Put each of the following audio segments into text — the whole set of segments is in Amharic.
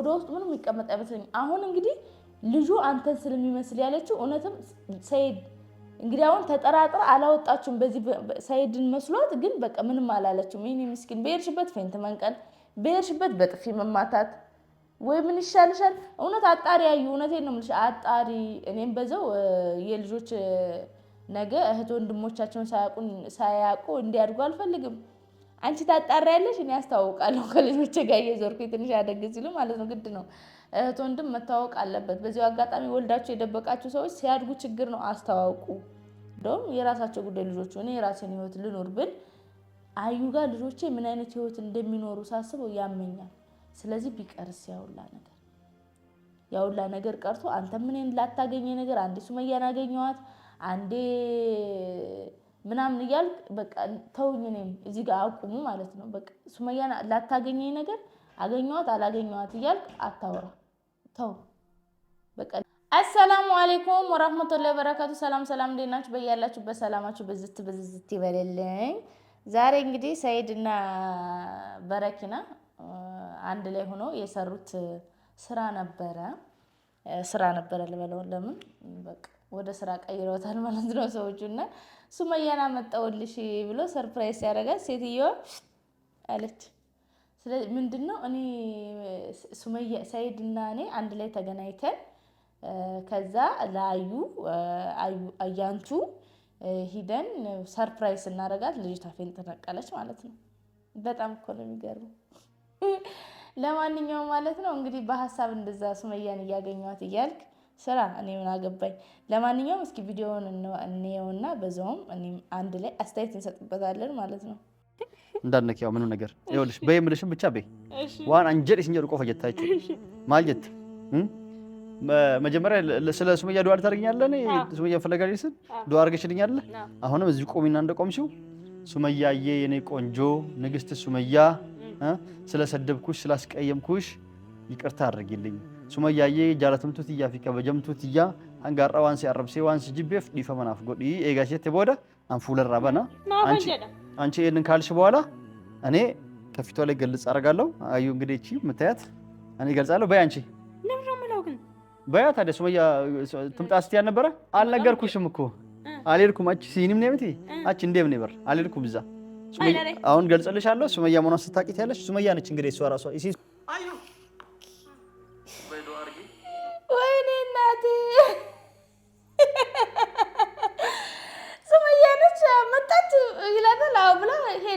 ወደ ውስጥ ምንም የሚቀመጥ አይመስለኝም። አሁን እንግዲህ ልጁ አንተን ስለሚመስል ያለችው እውነትም ሰይድ እንግዲህ አሁን ተጠራጥራ አላወጣችሁም። በዚህ ሰይድን መስሏት ግን በቃ ምንም አላለችም። ይህኔ ምስኪን በሄድሽበት ፌንት መንቀል፣ በሄድሽበት በጥፊ መማታት ወይ ምን ይሻልሻል? እውነት አጣሪ ያዩ እውነቴን ነው የምልሽ አጣሪ። እኔም በዛው የልጆች ነገ እህት ወንድሞቻቸውን ሳያውቁ እንዲያድጉ አልፈልግም። አንቺ ታጣሪያለሽ፣ እኔ አስታውቃለሁ ከልጆች ጋር እየዞርኩ ትንሽ ያደግ ሲሉ ማለት ነው። ግድ ነው እህት ወንድም መታወቅ አለበት። በዚሁ አጋጣሚ ወልዳችሁ የደበቃችሁ ሰዎች ሲያድጉ ችግር ነው፣ አስተዋውቁ። እንደውም የራሳቸው ጉዳይ ልጆች ሆነ የራሴን ህይወት ልኖር ብል አዩ ጋር ልጆቼ ምን አይነት ህይወት እንደሚኖሩ ሳስበው ያመኛል። ስለዚህ ቢቀርስ ያውላ ነገር ያውላ ነገር ቀርቶ አንተ ምን ላታገኘ ነገር አንዴ ሱመያን አገኘዋት አንዴ ምናምን እያልክ በቃ ተውኝ፣ እኔም እዚህ ጋር አቁሙ ማለት ነው። በቃ ሱመያን ላታገኘኝ ነገር አገኘዋት አላገኘዋት እያልክ አታወራ፣ ተው በቃ። አሰላሙ አሌይኩም ወራህመቱላሂ በረካቱ። ሰላም ሰላም፣ እንዴት ናችሁ? በያላችሁበት ሰላማችሁ ብዝት ብዝዝት ይበልልኝ። ዛሬ እንግዲህ ሰይድና በረኪና አንድ ላይ ሆኖ የሰሩት ስራ ነበረ ስራ ነበረ ልበለውን ለምን በቃ ወደ ስራ ቀይረውታል ማለት ነው ሰዎቹ። እና ሱመያን አመጣውልሽ ብሎ ሰርፕራይዝ ሲያደርጋት ሴትዮዋ አለች ምንድን ነው እኔ ሰይድ እና እኔ አንድ ላይ ተገናኝተን ከዛ ለአዩ አያንቱ ሂደን ሰርፕራይዝ ስናደርጋት ልጅቷ ፌን ተነቀለች ማለት ነው። በጣም እኮ ነው የሚገርመው። ለማንኛውም ማለት ነው እንግዲህ በሀሳብ እንደዛ ሱመያን እያገኘዋት እያልክ ስራ እኔ ምን አገባኝ። ለማንኛውም እስኪ ቪዲዮውን እንየውና በዛውም አንድ ላይ አስተያየት እንሰጥበታለን ማለት ነው። እንዳነክ ያው ምንም ነገር ይኸውልሽ፣ በይ የምልሽም ብቻ በይ። ዋን አንጀል ስንጀል ቆፈ ጀታችሁ ማልጀት መጀመሪያ ስለ ሱመያ ዱዓ ታደርግኛለህ። ሱመያ ፈለጋ ስል ዱዓ አድርገሽልኛለህ። አሁንም እዚህ ቆሚና እንደቆምሽው ሱመያዬ፣ የኔ ቆንጆ ንግስት ሱመያ፣ ስለሰደብኩሽ ስላስቀየምኩሽ ይቅርታ አድርጊልኝ። sumayyaayyee jaalatamtuutiyyaa fi kabajamtuutiyyaa hangaarra waan si arrabsee waan si jibbeef dhiifa manaaf godhi eegaa isheetti booda an fuularraa bana አንቺ ይሄንን ካልሽ በኋላ እኔ ከፊቷ ላይ ገልጽ አደርጋለሁ። አዩ እንግዲህ እቺ የምታያት እኔ ገልጻለሁ። በይ አንቺ በያ ታዲያ ሱመያ ትምጣ ስትይ አልነበረ? አልነገርኩሽም እኮ አልሄድኩም። አቺ ሲኒም ነው የምትይ አቺ እንደም ነው ይበር አልሄድኩም። እዛ አሁን ገልጽልሻለሁ። ሱመያ መሆኗን ስታውቂት ያለሽ ሱመያ ነች እንግዲህ እሷ ራሷ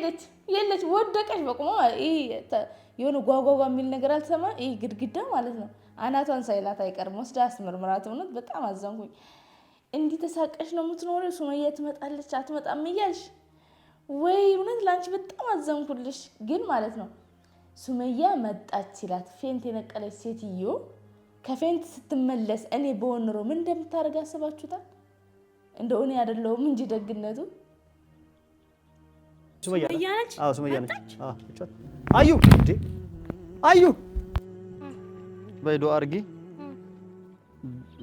ሄደች የለች ወደቀች። በቁማ ይሄ የሆነ ጓጓጓ የሚል ነገር አልሰማ ይሄ ግድግዳ ማለት ነው። አናቷን ሳይላት አይቀርም ወስዳ አስመርምራት። እውነት በጣም አዘንኩኝ። እንዲህ ተሳቀሽ ነው የምትኖሪ ሱመያ ትመጣለች አትመጣም እያልሽ ወይ እውነት ለአንቺ በጣም አዘንኩልሽ። ግን ማለት ነው ሱመያ መጣች ሲላት ፌንት የነቀለች ሴትዮ ከፌንት ስትመለስ እኔ በሆን ኖሮ ምን እንደምታደርግ አስባችሁታል? እንደ እኔ አይደለሁም እንጂ ደግነቱ ሱመያ ነች። አዎ አዩ አዩ በይ ዱአ አድርጊ።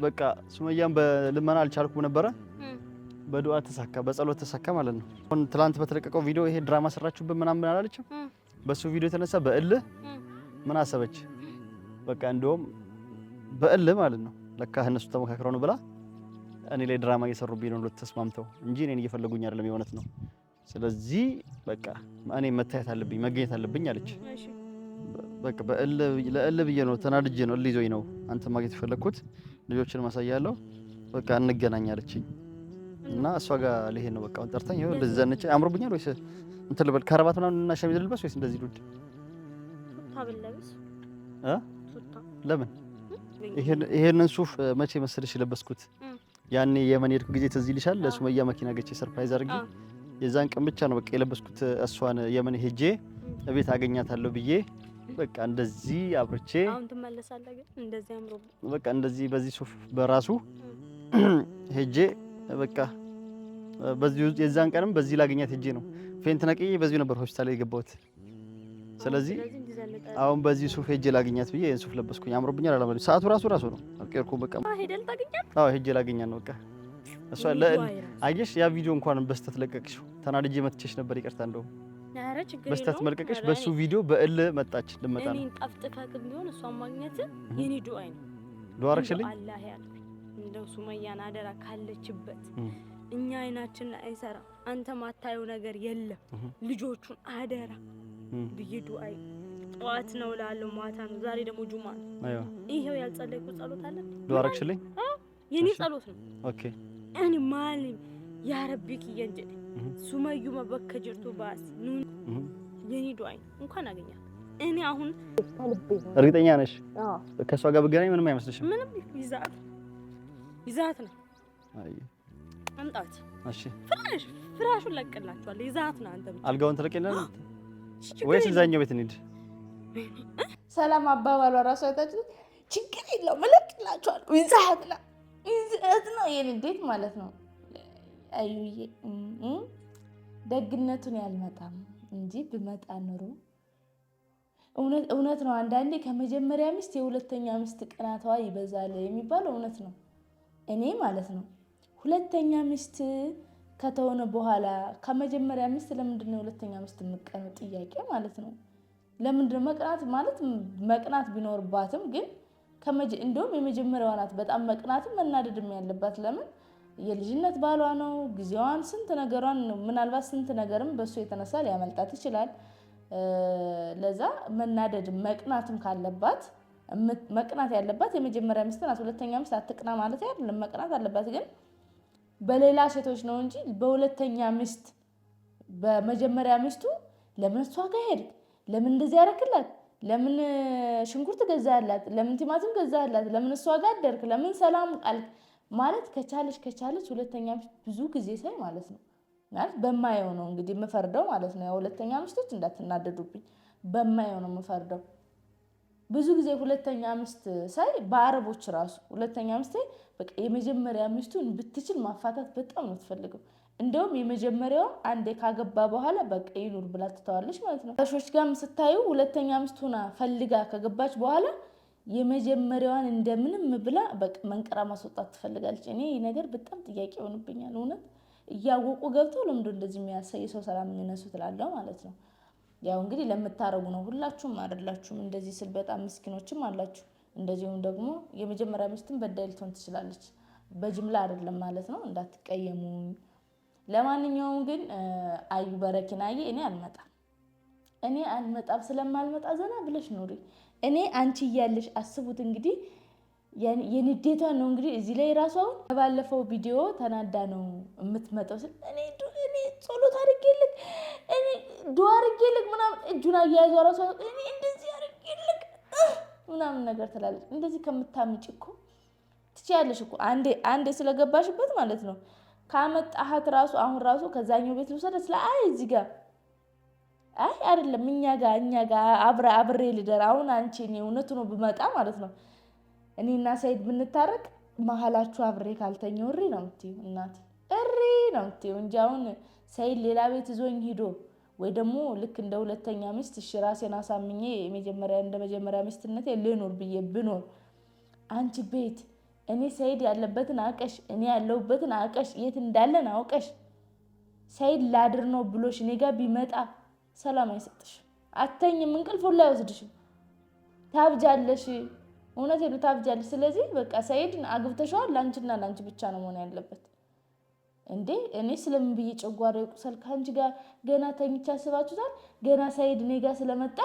በቃ ሱመያን በልመና አልቻልኩም ነበረ። በዱአ ተሳካ፣ በጸሎት ተሳካ ማለት ነው። አሁን ትናንት በተለቀቀው ቪዲዮ ይሄ ድራማ ሰራችሁበት ምናምን አላለችም። በሱ ቪዲዮ የተነሳ በእልህ ምን አሰበች? በቃ እንደውም በእልህ ማለት ነው ለካ እነሱ ተመካክረው ነው ብላ እኔ ላይ ድራማ እየሰሩብኝ ነው ተስማምተው እንጂ እኔን እየፈለጉኝ አይደለም። የእውነት ነው ስለዚህ በቃ እኔ መታየት አለብኝ መገኘት አለብኝ አለች። በቃ ለእል ብዬ ነው ተናድጄ ነው እል ይዞኝ ነው አንተ ማግኘት የፈለግኩት ልጆችን ማሳያለሁ በቃ እንገናኝ አለችኝ። እና እሷ ጋር ልሄድ ነው በቃ ጠርታኝ ይኸው እንደዚህ ዘነች። አምሮብኛል ወይስ እንትን ልበል ከረባት ምናምን እና ሸሚዝ ልልበስ ወይስ እንደዚህ ዱድ እ ለምን ይሄንን ሱፍ መቼ መሰለሽ የለበስኩት? ያኔ የመን ሄድኩ ጊዜ ትዝ ይልሻል? ለሱመያ መኪና ገቼ ሰርፕራይዝ አድርጌ የዛን ቀን ብቻ ነው በቃ የለበስኩት እሷን የመን ሄጄ እቤት አገኛታለሁ ብዬ በቃ እንደዚህ አብርቼ በቃ እንደዚህ በዚህ ሱፍ በራሱ ሄጄ በቃ በዚህ የዛን ቀንም በዚህ ላገኛት ሄጄ ነው ፌንት ነቅዬ በዚሁ ነበር ሆስፒታል የገባሁት። ስለዚህ አሁን በዚህ ሱፍ ሄጄ ላገኛት ብዬ ይህን ሱፍ ለበስኩኝ። አምሮብኛል። አላማለሁ ሰዓቱ ራሱ ራሱ ነው አልቀርኩ። በቃ አዎ ሄጄ ላገኛት ነው። በቃ እሷ አየሽ፣ ያ ቪዲዮ እንኳን በስተት ለቀቅሽው ተናድጄ መጥቼሽ ነበር። ይቅርታ እንደውም በስተት መልቀቅሽ በሱ ቪዲዮ በእል መጣች ልመጣ ነው። እኔን ጠፍጥፈህ ቢሆን እሷን ማግኘት የኔ ዱአይ ነው። ዱአ አረግሽልኝ። አላህ ያልኩ እንደው ሱመያን አደራ ካለችበት እኛ አይናችን ላይ አይሰራ አንተ ማታየው ነገር የለም። ልጆቹን አደራ ብዬ ዱአይ ጠዋት ነው ላለው ማታ ነው። ዛሬ ደግሞ ጁማ ነው። አይዋ ይሄው ያልጸለይኩ ጸሎት አለ። ዱአ አረግሽልኝ። የኔ ጸሎት ነው። ኦኬ እኔ ማልኝ ያ ረቢ ሱመዩ መበክ ባስ ኑን የኔ ዱአይ እንኳን አገኛት። እኔ አሁን እርግጠኛ ነሽ ከእሷ ጋር ብገናኝ ምንም አይመስልሽም? ምንም ይዛት ይዛት ነው አምጣት። እሺ ፍራሽ ፍራሹን ለቅላችኋለሁ። ይዛት ነው አንተ አልጋውን ትለቅልናል ወይስ እዛኛው ቤት እንሂድ? ሰላም አባባሏ ራሷ አይታችሁ ችግር የለውም እለቅላችኋለሁ። ይዛት ነው ይሄን እንዴት ማለት ነው አዩዬ ደግነቱን ያልመጣም እንጂ ብመጣ ኑሮ እውነት ነው። አንዳንዴ ከመጀመሪያ ሚስት የሁለተኛ ሚስት ቅናቷ ይበዛል የሚባለው እውነት ነው። እኔ ማለት ነው ሁለተኛ ሚስት ከተሆነ በኋላ ከመጀመሪያ ሚስት ለምንድን ነው የሁለተኛ ሚስት የምቀኑ? ጥያቄ ማለት ነው። ለምንድን መቅናት ማለት መቅናት ቢኖርባትም ግን እንዲሁም የመጀመሪያዋ ናት በጣም መቅናትም መናደድም ያለባት ለምን የልጅነት ባሏ ነው። ጊዜዋን ስንት ነገሯን ምናልባት ስንት ነገርም በእሱ የተነሳ ሊያመልጣት ይችላል። ለዛ መናደድ መቅናትም ካለባት መቅናት ያለባት የመጀመሪያ ሚስት ናት። ሁለተኛ ሚስት አትቅና ማለት አይደለም፣ መቅናት አለባት። ግን በሌላ ሴቶች ነው እንጂ በሁለተኛ ሚስት በመጀመሪያ ሚስቱ ለምን እሷ ጋር ለምን እንደዚህ ያደረክላት? ለምን ሽንኩርት ገዛላት? ለምን ቲማቲም ገዛላት? ለምን እሷ ጋር አደርክ? ለምን ሰላም ቃልክ ማለት ከቻለች ከቻለች ሁለተኛ ሚስት ብዙ ጊዜ ሳይ ማለት ነው ማለት በማየው ነው እንግዲህ የምፈርደው ማለት ነው። ሁለተኛ ሚስቶች እንዳትናደዱብኝ፣ በማየው ነው የምፈርደው። ብዙ ጊዜ ሁለተኛ ሚስት ሳይ በአረቦች ራሱ ሁለተኛ ሚስት በቃ የመጀመሪያ ሚስቱን ብትችል ማፋታት በጣም ነው ትፈልገው። እንደውም የመጀመሪያው አንዴ ካገባ በኋላ በቃ ይኑር ብላ ትተዋለች ማለት ነው። ሾች ጋርም ስታዩ ሁለተኛ ሚስት ሆና ፈልጋ ከገባች በኋላ የመጀመሪያዋን እንደምንም ብላ በቃ መንቀራ ማስወጣት ትፈልጋለች። እኔ ነገር በጣም ጥያቄ ሆንብኛል እውነት እያወቁ ገብተው ለምዶ እንደዚህ የሚያሳይ ሰው ሰላም የሚነሱ ትላለው ማለት ነው። ያው እንግዲህ ለምታረጉ ነው፣ ሁላችሁም አይደላችሁም። እንደዚህ ስል በጣም ምስኪኖችም አላችሁ። እንደዚሁም ደግሞ የመጀመሪያ ሚስትን በዳይ ልትሆን ትችላለች። በጅምላ አይደለም ማለት ነው። እንዳትቀየሙ ለማንኛውም ግን አዩ በረኪናዬ፣ እኔ አልመጣም እኔ አልመጣም። ስለማልመጣ ዘና ብለሽ ኑሪ። እኔ አንቺ እያለሽ አስቡት እንግዲህ የንዴቷ ነው እንግዲህ እዚህ ላይ ራሱ አሁን ባለፈው ቪዲዮ ተናዳ ነው የምትመጣው። ስል እኔ ጸሎት አድርጌልክ እኔ ዱ አድርጌልክ ምናምን እጁን አያያዟ ራሷ እኔ እንደዚህ አድርጌልክ ምናምን ነገር ትላለች። እንደዚህ ከምታምጭ እኮ ትችያለሽ እኮ አንዴ አንዴ ስለገባሽበት ማለት ነው። ካመጣሃት ራሱ አሁን ራሱ ከዛኛው ቤት ልውሰደ ስለ አይ እዚህ ጋር አይ አይደለም፣ እኛ ጋር እኛ ጋር አብረ አብሬ ልደር። አሁን አንቺ እኔ እውነቱ ነው ብመጣ ማለት ነው እኔና ሰይድ ብንታረቅ መሀላችሁ አብሬ ካልተኘ እሪ ነው የምትይው እናት፣ እሪ ነው የምትይው እንጂ አሁን ሰይድ ሌላ ቤት ይዞኝ ሂዶ ወይ ደግሞ ልክ እንደ ሁለተኛ ሚስት እሺ፣ ራሴን አሳምኜ የመጀመሪያ እንደ መጀመሪያ ሚስትነቴ ልኖር ብዬ ብኖር አንቺ ቤት እኔ ሰይድ ያለበትን አውቀሽ እኔ ያለሁበትን አውቀሽ የት እንዳለን አውቀሽ ሰይድ ላድር ነው ብሎሽ እኔ ጋር ቢመጣ ሰላም አይሰጥሽ፣ አተኝም፣ እንቅልፍ ሁላ አይወስድሽም፣ ታብጃለሽ። እውነት ነው ታብጃለሽ። ስለዚህ በቃ ሰይድ አግብተሸዋል። ለአንቺና ለአንቺ ብቻ ነው መሆን ያለበት። እንዴ እኔ ስለምን ብዬ ጨጓራ ይቁሰል? ከአንቺ ጋር ገና ተኝቻ አስባችሁታል? ገና ሰይድ እኔ ጋር ስለመጣ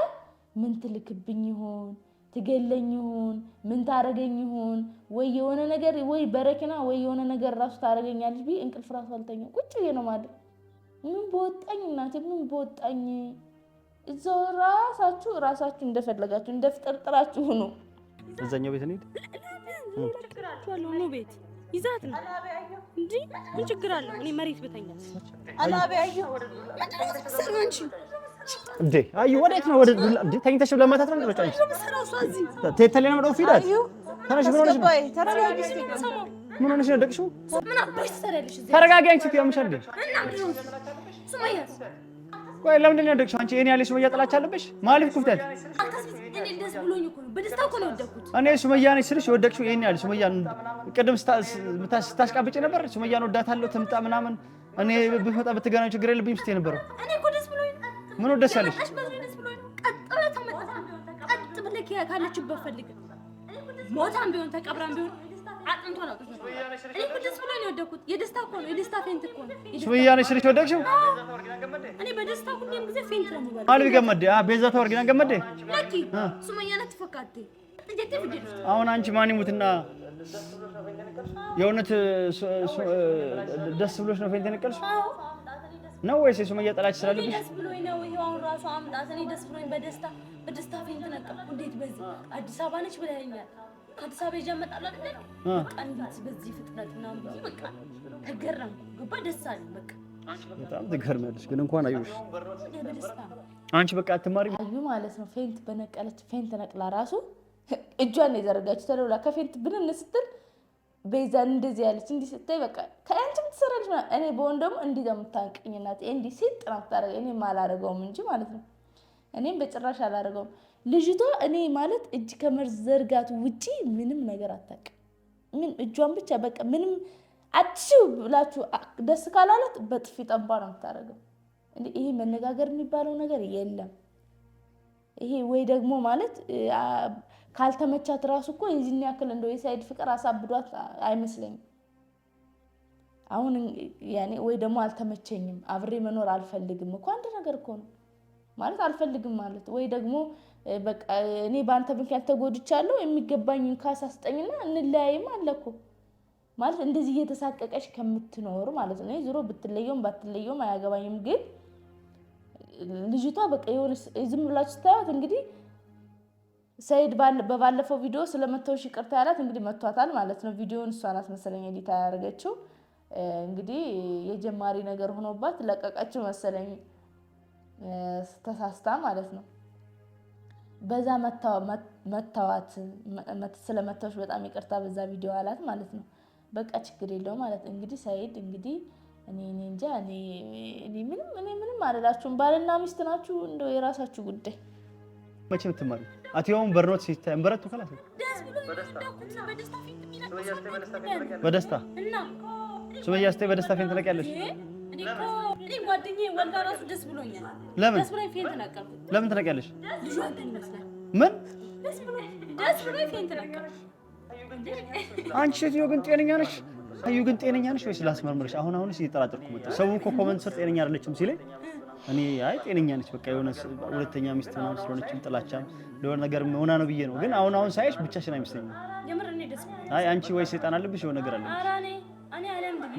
ምን ትልክብኝ ይሆን? ትገለኝ ይሆን? ምን ታረገኝ ይሆን? ወይ የሆነ ነገር ወይ በረኪና ወይ የሆነ ነገር ራሱ ታረገኛለች ብዬ እንቅልፍ ራሱ አልተኛም። ቁጭ ብዬ ነው ማለት ምን በወጣኝ እናት ምን በወጣኝ። እዛው ራሳችሁ ራሳችሁ እንደፈለጋችሁ እንደፍጠርጥራችሁ ሆኖ እዛኛው ቤት እንሂድ። ኑ ቤት ይዛት ነው እንጂ ምን ችግር አለው? እኔ መሬት ብተኛ እንዴ? አዩ ወዴት ነው? ወደ ተኝተሽ ለማታት ነው? ተነሽ ብሎ ነሽ ምን ሆነሽ ነው ደቅሽው? ምን ተረጋጊ። አንቺ ትያምሻል። ቆይ ለምንድን ነው ደቅሽው? አንቺ እኔ ያለሽ ሱመያ ጥላቻ አለብሽ ማለት ኩፍተት። እኔ ሱመያ ነኝ ስልሽ የወደቅሽው ይሄን ያለሽ ሱመያ። ቅድም ስታሽቃብጪ ነበር ነው ወዳታለሁ ትምጣ ምናምን። እኔ ብፈጣ ብትገናኙ ችግር የለብኝም ስትይ ብሎኝ ምን ደስ ያለሽ? ቀጥ ብለህ ካለችበት ፈልግ። ሞታም ቢሆን ተቀብራም ቢሆን አጥንቶ ነው። እኔ እኮ ደስ ብሎኝ ነው የወደኩት። የደስታ እኮ ነው፣ የደስታ ፌንት እኮ ነው። ሱፍያ ነሽ ስልሽ ወደቅሽው? እኔ በደስታ ሁሌም ጊዜ ፌንት ነው የምበላው። አልቢ ገመዴ፣ ቤዛ ተወርጊና ገመዴ፣ ለኪ ሱመኛ ናት። ፈካቴ አሁን አንቺ ማን ይሙትና የእውነት ደስ ብሎሽ ነው ፌንት የነቀልሽ ነው ወይስ የሱመያ ጠላች ስላለብሽ? ደስ ብሎኝ ነው ይሄው አሁን ራሱ አምጣት። እኔ ደስ ብሎኝ በደስታ በደስታ ፌንት ነቀልኩ። እንዴት በዚህ አዲስ አበባ ነች ብለኸኛል ከአዲስ አበባ ይዤ እመጣለሁ አይደል? በቃ እንዴት በዚህ ፍጥነት ምናምን ብዬሽ በቃ ተገረምኩ። ገባ ደስ አለኝ። በቃ በጣም ትገርሚያለሽ። ግን እንኳን አየሁሽ አንቺ በቃ አትማሪ አዩ ማለት ነው። ፌንት በነቀለች ፌንት ነቅላ ራሱ እጇን ነው ተደውላ ከፌንት ብንን ስትል ቤዛ እንደዚህ ያለች እንዲህ ስታይ በቃ ከአንቺ የምትሰራለች ማለት እኔ በሆን ደግሞ እንዲህ የምታንቀኝ እንዲህ ሲጥ ናት ታደርገኝ እኔም አላደርገውም እንጂ ማለት ነው። እኔም በጭራሽ አላደርገውም። ልጅቷ እኔ ማለት እጅ ከመዘርጋት ውጪ ምንም ነገር አታውቅም። ምን እጇን ብቻ በቃ ምንም አዲስ ብላችሁ ደስ ካላለት በጥፊ ጠንባ ነው የምታደርገው። እንደ ይሄ መነጋገር የሚባለው ነገር የለም። ይሄ ወይ ደግሞ ማለት ካልተመቻት ራሱ እኮ የዚህን ያክል እንደው የሳይድ ፍቅር አሳብዷት አይመስለኝም። አሁን ያኔ ወይ ደግሞ አልተመቸኝም፣ አብሬ መኖር አልፈልግም እኮ አንድ ነገር እኮ ነው ማለት አልፈልግም ማለት ወይ ደግሞ በቃ እኔ በአንተ ምክንያት ተጎድቻለሁ የሚገባኝን ካሳ ስጠኝና እንለያይም አለኩ ማለት እንደዚህ እየተሳቀቀች ከምትኖር ማለት ነው። ዞሮ ብትለየውም ባትለየውም አያገባኝም። ግን ልጅቷ በቃ የሆነ ዝም ብላችሁ ስታዩት እንግዲህ ሰይድ በባለፈው ቪዲዮ ስለመተው ይቅርታ ያላት እንግዲህ መቷታል ማለት ነው። ቪዲዮውን እሷ ናት መሰለኝ ኤዲት ያደረገችው። እንግዲህ የጀማሪ ነገር ሆኖባት ለቀቀችው መሰለኝ ተሳስታ ማለት ነው። በዛ መታዋት ስለመታዎች በጣም ይቅርታ በዛ ቪዲዮ አላት ማለት ነው። በቃ ችግር የለው ማለት እንግዲህ ሰኢድ እንግዲህ እኔ እኔ እንጃ እኔ ምንም እኔ ምንም አልላችሁም። ባልና ሚስት ናችሁ፣ እንደው የራሳችሁ ጉዳይ። መቼ ምትማሪ የምትማሪው? አትየውም በርኖት ሲታይ በረቱ ከላስ በደስታ ሱመያ ስትይ በደስታ ፌን ትለቅ ያለች ለምን ለምን ትነቂያለሽ? ምን አንቺ ሴትዮ ግን ጤነኛ ነሽ? አዩ ግን ጤነኛ ነሽ ወይስ ላስመርምርሽ? አሁን አሁን እየጠራጠርኩ መጣሁ። ሰው እኮ ኮመንት ስር ጤነኛ አይደለችም ሲለኝ እኔ አይ ጤነኛ ነች፣ በቃ የሆነ ሁለተኛ ሚስት ምናምን ስለሆነችም ጥላቻም ለሆነ ነገር ሆና ነው ብዬ ነው። ግን አሁን አሁን ሳይሽ ብቻሽን አይመስለኝም። አይ አንቺ ወይ ሰይጣን አለብሽ የሆነ ነገር አለብሽ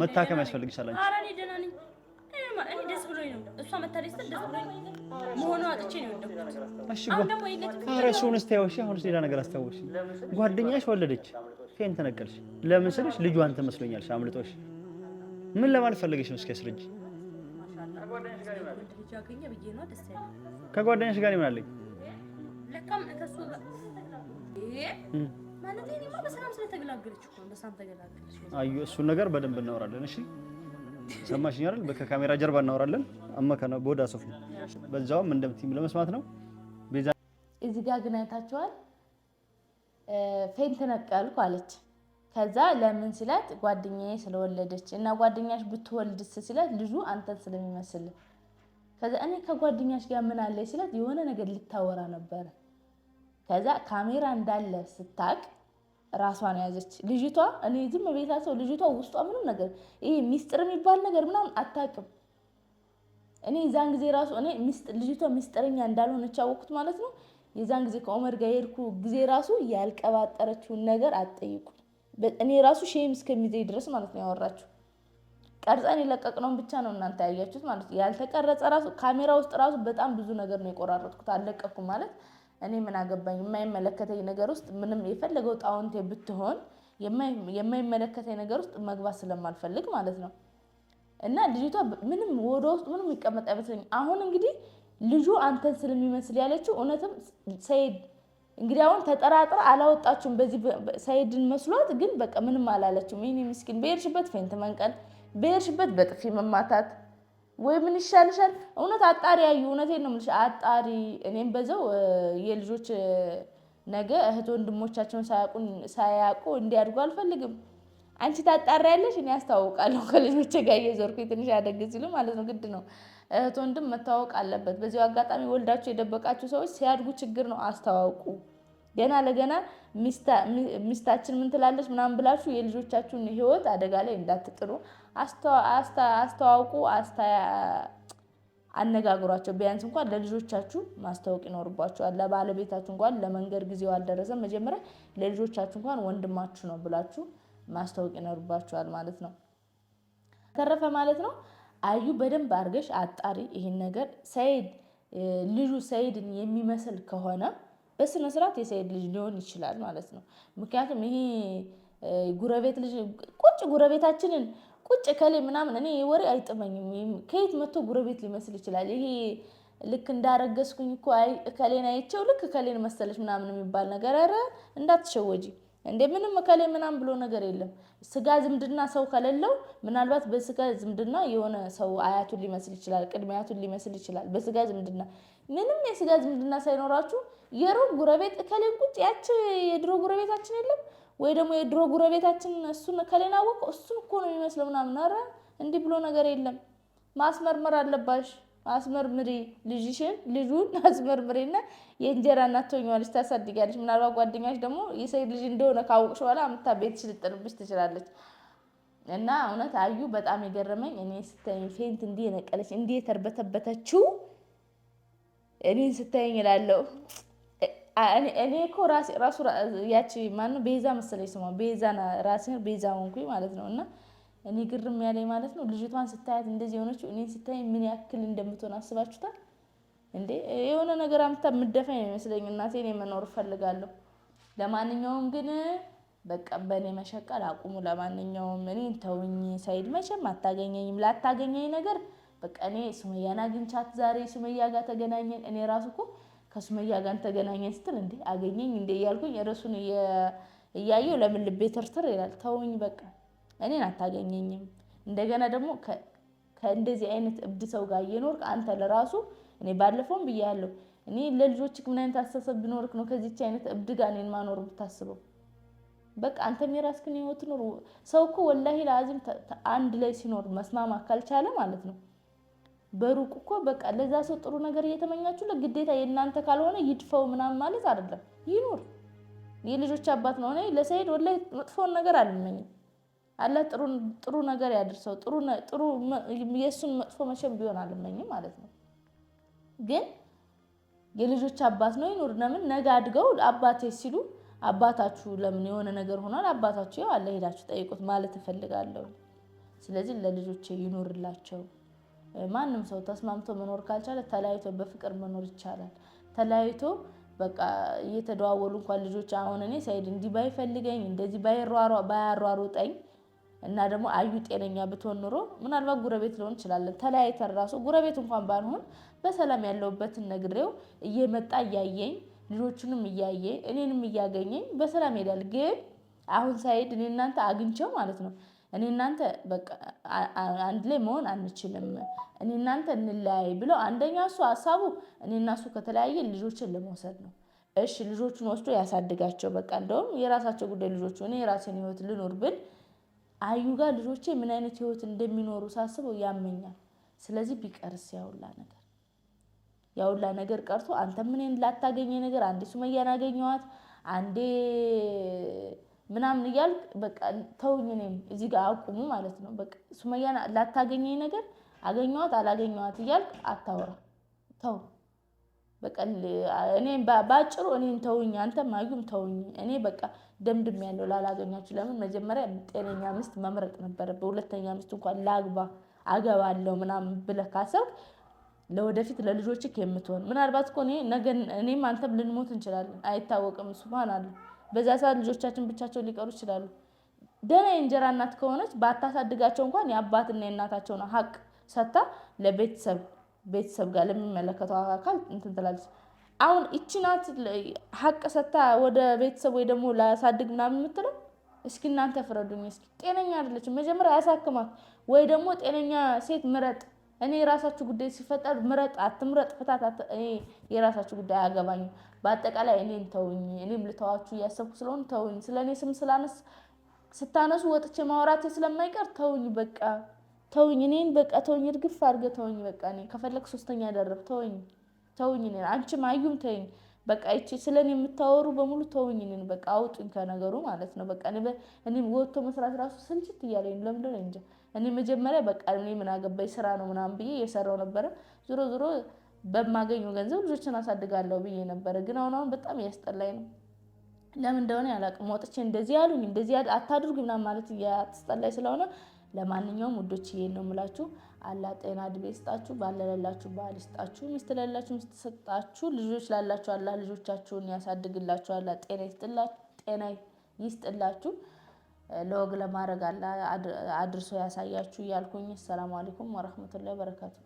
መታከም ያስፈልግ ይችላል። ኧረ እኔ ደህና ነኝ። ደስ ብሎኝ ነው። እሷ መታደስ ደስ ነው አሁን ሌላ ነገር አስታወሽ። ጓደኛሽ ወለደች፣ ፌን ተነቀልሽ። ለምን ስልሽ ልጇን ትመስሎኛልሽ፣ አምልጦሽ። ምን ለማለት ፈልገሽ ነው? እስኪ አስረጅ። ከጓደኛሽ ጋር አዩ እሱን ነገር በደንብ እናወራለን። እሺ ሰማሽኝ አይደል? ከካሜራ ጀርባ እናወራለን። አመከና ቦዳ ሶፊ በዛውም እንደምትይም ለመስማት ነው። ቤዛ እዚህ ጋር ግን አይታችኋል። ፌንት ነቀልኩ አለች። ከዛ ለምን ስላት ጓደኛዬ ስለወለደች እና ጓደኛሽ ብትወልድስ ስላት ልጁ አንተን ስለሚመስል ከዛ እኔ ከጓደኛሽ ጋር ምን አለ ስላት የሆነ ነገር ልታወራ ነበረ። ከዛ ካሜራ እንዳለ ስታቅ ራሷን ያዘች ልጅቷ። እኔ ዝም ቤታሰው ልጅቷ ውስጧ ምንም ነገር ይሄ ሚስጥር የሚባል ነገር ምናምን አታውቅም። እኔ የዛን ጊዜ ራሱ እኔ ልጅቷ ሚስጥረኛ እንዳልሆነች ያወቅኩት ማለት ነው። የዛን ጊዜ ከኦመር ጋር የሄድኩ ጊዜ ራሱ ያልቀባጠረችውን ነገር አትጠይቁ። እኔ ራሱ ሼም እስከሚዜ ድረስ ማለት ነው ያወራችሁ። ቀርጸን የለቀቅነውን ብቻ ነው እናንተ ያያችሁት ማለት ነው። ያልተቀረጸ ራሱ ካሜራ ውስጥ ራሱ በጣም ብዙ ነገር ነው የቆራረጥኩት። አልለቀኩም ማለት እኔ ምን አገባኝ የማይመለከተኝ ነገር ውስጥ ምንም የፈለገው ጣውንቴ ብትሆን የማይመለከተኝ ነገር ውስጥ መግባት ስለማልፈልግ ማለት ነው። እና ልጅቷ ምንም ወደ ውስጥ ምንም ይቀመጥ አይመስለኝም። አሁን እንግዲህ ልጁ አንተን ስለሚመስል ያለችው እውነትም ሰይድ እንግዲህ አሁን ተጠራጥረ አላወጣችሁም። በዚህ ሰይድን መስሏት ግን በቃ ምንም አላለችም። ይህን ምስኪን በሄድሽበት ፌንት መንቀል፣ በሄድሽበት በጥፊ መማታት ወይ ምን ይሻልሻል? እውነት አጣሪ ያዩ እውነቴን ነው የምልሽ አጣሪ። እኔም በዛው የልጆች ነገ እህት ወንድሞቻቸውን ሳያውቁ እንዲያድጉ አልፈልግም። አንቺ ታጣሪያለሽ፣ እኔ አስተዋውቃለሁ ከልጆች ጋር እየዞርኩ ትንሽ ያደግ ሲሉ ማለት ነው። ግድ ነው እህት ወንድም መታወቅ አለበት። በዚሁ አጋጣሚ ወልዳችሁ የደበቃችሁ ሰዎች ሲያድጉ ችግር ነው፣ አስተዋውቁ። ገና ለገና ሚስታችን ምን ትላለች ምናምን ብላችሁ የልጆቻችሁን ህይወት አደጋ ላይ እንዳትጥሉ። አስተዋውቁ፣ አነጋግሯቸው። ቢያንስ እንኳን ለልጆቻችሁ ማስታወቅ ይኖርባችኋል። ለባለቤታችሁ እንኳን ለመንገድ ጊዜው አልደረሰም፣ መጀመሪያ ለልጆቻችሁ እንኳን ወንድማችሁ ነው ብላችሁ ማስታወቅ ይኖርባችኋል ማለት ነው። ተረፈ ማለት ነው። አዩ በደንብ አድርገሽ አጣሪ ይሄን ነገር ሰይድ ልጁ ሰይድን የሚመስል ከሆነ በስነ ስርዓት የሰይድ ልጅ ሊሆን ይችላል ማለት ነው። ምክንያቱም ይሄ ጉረቤት ልጅ ቁጭ ጉረቤታችንን ቁጭ ከሌ ምናምን እኔ ወሬ አይጥመኝም። ከየት መጥቶ ጉረቤት ሊመስል ይችላል? ይሄ ልክ እንዳረገዝኩኝ እኮ ከሌን አይቼው ልክ ከሌን መሰለች ምናምን የሚባል ነገር ኧረ እንዳትሸወጂ እንዴ! ምንም ከሌ ምናምን ብሎ ነገር የለም። ስጋ ዝምድና ሰው ከሌለው ምናልባት በስጋ ዝምድና የሆነ ሰው አያቱን ሊመስል ይችላል፣ ቅድመ አያቱን ሊመስል ይችላል። በስጋ ዝምድና ምንም የስጋ ዝምድና ሳይኖራችሁ የሩቅ ጉረቤት እከሌን ቁጭ ያቸው የድሮ ጉረቤታችን የለም ወይ ደግሞ የድሮ ጉረቤታችን እሱን ከሌላ ወቅ እሱን እኮ ነው የሚመስለው ምናምን። ኧረ እንዲህ ብሎ ነገር የለም። ማስመርመር አለባሽ። አስመርምሪ ልጅሽን፣ ልጁን አስመርምሪና የእንጀራ እናት ትሆኛለሽ፣ ምናልባት ጓደኛሽ ደግሞ የሴት ልጅ እንደሆነ ካወቅሽ በኋላ አምታ ቤትሽ ልጥልብሽ ትችላለች። እና እውነት አዩ በጣም የገረመኝ እኔ ስታየኝ ፌንት እንዲህ የነቀለች እንዲህ የተርበተበተችው እኔን ስታይኝ እላለሁ። እኔ እኮ ራሱ ያቺ ማነው ቤዛ መሰለኝ ስሟ ቤዛ ራሴ ቤዛ ሆንኩኝ ማለት ነው። እና እኔ ግርም ያለኝ ማለት ነው ልጅቷን ስታያት እንደዚህ የሆነችው እኔን ስታይ ምን ያክል እንደምትሆን አስባችሁታል እንዴ? የሆነ ነገር አምታ የምደፋኝ ነው ይመስለኝ። እናቴ እኔ መኖር እፈልጋለሁ። ለማንኛውም ግን በቃ በእኔ መሸቀል አቁሙ። ለማንኛውም እኔ ተውኝ ሳይድ መቼም አታገኘኝም። ላታገኘኝ ነገር በቃ እኔ ሱመያን አግኝቻት ዛሬ ሱመያ ጋር ተገናኘን። እኔ ራሱ እኮ ከሱመያ ጋር ተገናኘን ስትል እንዴ አገኘኝ እንዴ እያልኩኝ ርሱን እያየው ለምን ልቤ ትርትር ይላል። ተውኝ በቃ እኔን አታገኘኝም። እንደገና ደግሞ ከእንደዚህ አይነት እብድ ሰው ጋር እየኖርክ አንተ ለራሱ እኔ ባለፈውም ብያለሁ። እኔ ለልጆች ምን አይነት አስተሳሰብ ቢኖርክ ነው ከዚች አይነት እብድ ጋር እኔን ማኖር ብታስበው? በቃ አንተም የራስህን ህይወት ኑር። ሰው እኮ ወላሂ ለአዚም አንድ ላይ ሲኖር መስማማ ካልቻለ ማለት ነው በሩቅ እኮ በቃ ለዛ ሰው ጥሩ ነገር እየተመኛችሁ ለግዴታ የእናንተ ካልሆነ ይድፈው ምናምን ማለት አይደለም። ይኑር፣ የልጆች አባት ነው። እኔ ለሰይድ ወላሂ መጥፎውን ነገር አልመኝም። አላህ ጥሩ ነገር ያድርሰው። ጥሩ የእሱን መጥፎ መቼም ቢሆን አልመኝም ማለት ነው። ግን የልጆች አባት ነው፣ ይኑር። ለምን ነገ አድገው አባቴ ሲሉ አባታችሁ ለምን የሆነ ነገር ሆኗል፣ አባታችሁ ያው አለ ሄዳችሁ ጠይቁት ማለት እፈልጋለሁ። ስለዚህ ለልጆቼ ይኑርላቸው። ማንም ሰው ተስማምቶ መኖር ካልቻለ ተለያይቶ በፍቅር መኖር ይቻላል። ተለያይቶ በቃ እየተደዋወሉ እንኳን ልጆች አሁን እኔ ሰኢድ እንዲህ ባይፈልገኝ እንደዚህ ባያሯሩጠኝ እና ደግሞ አዩ ጤነኛ ብትሆን ኑሮ ምናልባት ጉረቤት ሊሆን እንችላለን። ተለያይተን ራሱ ጉረቤት እንኳን ባንሆን በሰላም ያለውበትን ነግሬው እየመጣ እያየኝ ልጆቹንም እያየ እኔንም እያገኘኝ በሰላም ሄዳል። ግን አሁን ሳይድ እኔ እናንተ አግኝቸው ማለት ነው እኔ እናንተ በቃ አንድ ላይ መሆን አንችልም፣ እኔ እናንተ እንለያይ ብለው አንደኛ እሱ ሀሳቡ እኔ እና እሱ ከተለያየ ልጆችን ለመውሰድ ነው። እሺ ልጆቹን ወስዶ ያሳድጋቸው፣ በቃ እንደውም የራሳቸው ጉዳይ ልጆቹ፣ እኔ የራሴን ህይወት ልኖር ብል አዩ ጋር ልጆቼ ምን አይነት ህይወት እንደሚኖሩ ሳስበው ያመኛል። ስለዚህ ቢቀርስ ያውላ ነገር ያውላ ነገር ቀርቶ አንተ ምን ላታገኘ ነገር አንዴ ሱመያን አገኘዋት አንዴ ምናምን እያልክ በቃ ተውኝ፣ እኔም እዚህ ጋር አቁሙ ማለት ነው። በቃ ሱመያን ላታገኘኝ ነገር አገኘዋት አላገኘዋት እያልክ አታወራ፣ ተው በቃ እኔ ባጭሩ እኔን ተውኝ፣ አንተ ማዩም ተውኝ። እኔ በቃ ደምድም ያለው ላላገኛችሁ። ለምን መጀመሪያ ጤነኛ ሚስት መምረጥ ነበረብህ። ሁለተኛ ሚስት እንኳን ላግባ አገባለሁ ምናምን ብለህ ካሰብክ ለወደፊት ለልጆችክ የምትሆን ምናልባት እኮ እኔ ነገ እኔም አንተም ልንሞት እንችላለን፣ አይታወቅም። ሱብሃን አላህ በዛ ሰዓት ልጆቻችን ብቻቸው ሊቀሩ ይችላሉ። ደህና የእንጀራ እናት ከሆነች ባታሳድጋቸው እንኳን የአባትና የእናታቸውን ሀቅ ሰታ ለቤተሰብ ቤተሰብ ጋር ለሚመለከተው አካል እንትን ትላለች። አሁን እቺ ናት ሀቅ ሰታ ወደ ቤተሰብ ወይ ደግሞ ላሳድግ ምናምን የምትለው እስኪ እናንተ ፍረዱኝ። እስኪ ጤነኛ አይደለችም። መጀመሪያ ያሳክማት ወይ ደግሞ ጤነኛ ሴት ምረጥ። እኔ የራሳችሁ ጉዳይ ሲፈጠር ምረጥ አትምረጥ ፍታት፣ የራሳችሁ ጉዳይ አያገባኝም። በአጠቃላይ እኔን ተውኝ፣ እኔም ልተዋችሁ እያሰብኩ ስለሆን ተውኝ። ስለ እኔ ስም ስላነስ ስታነሱ ወጥቼ ማውራት ስለማይቀር ተውኝ፣ በቃ ተውኝ፣ እኔን በቃ ተውኝ፣ እርግፍ አድርገህ ተውኝ፣ በቃ እኔ ከፈለግ ሶስተኛ ደረብ ተውኝ፣ ተውኝ፣ እኔን አንቺም አዩም ተይኝ፣ በቃ ይቺ ስለ እኔ የምታወሩ በሙሉ ተውኝ፣ እኔን በቃ አውጡኝ ከነገሩ ማለት ነው። በቃ እኔም ወጥቶ መስራት ራሱ ስልችት እያለኝ ለምንድን ነው እንጂ እኔ መጀመሪያ በቃ እኔ ምን አገባኝ ስራ ነው ምናምን ብዬ እየሰራው ነበረ። ዞሮ ዞሮ በማገኘው ገንዘብ ልጆችን አሳድጋለሁ ብዬ ነበረ። ግን አሁን አሁን በጣም እያስጠላኝ ነው። ለምን እንደሆነ ያላቅም ወጥቼ እንደዚህ ያሉኝ እንደዚህ አታድርጉ ምናምን ማለት እያስጠላኝ ስለሆነ ለማንኛውም ውዶች ይሄን ነው የምላችሁ። አላህ ጤና ዕድሜ ይስጣችሁ፣ ባል ለሌላችሁ ባል ይስጣችሁ፣ ሚስት ለሌላችሁ ሚስት ይስጣችሁ፣ ልጆች ላላችሁ አላህ ልጆቻችሁን ያሳድግላችሁ፣ አላህ ጤና ይስጥላችሁ። ለወግ ለማድረግ አላ አድርሶ ያሳያችሁ እያልኩኝ ሰላም አለይኩም ወረህመቱላሂ በረካቱ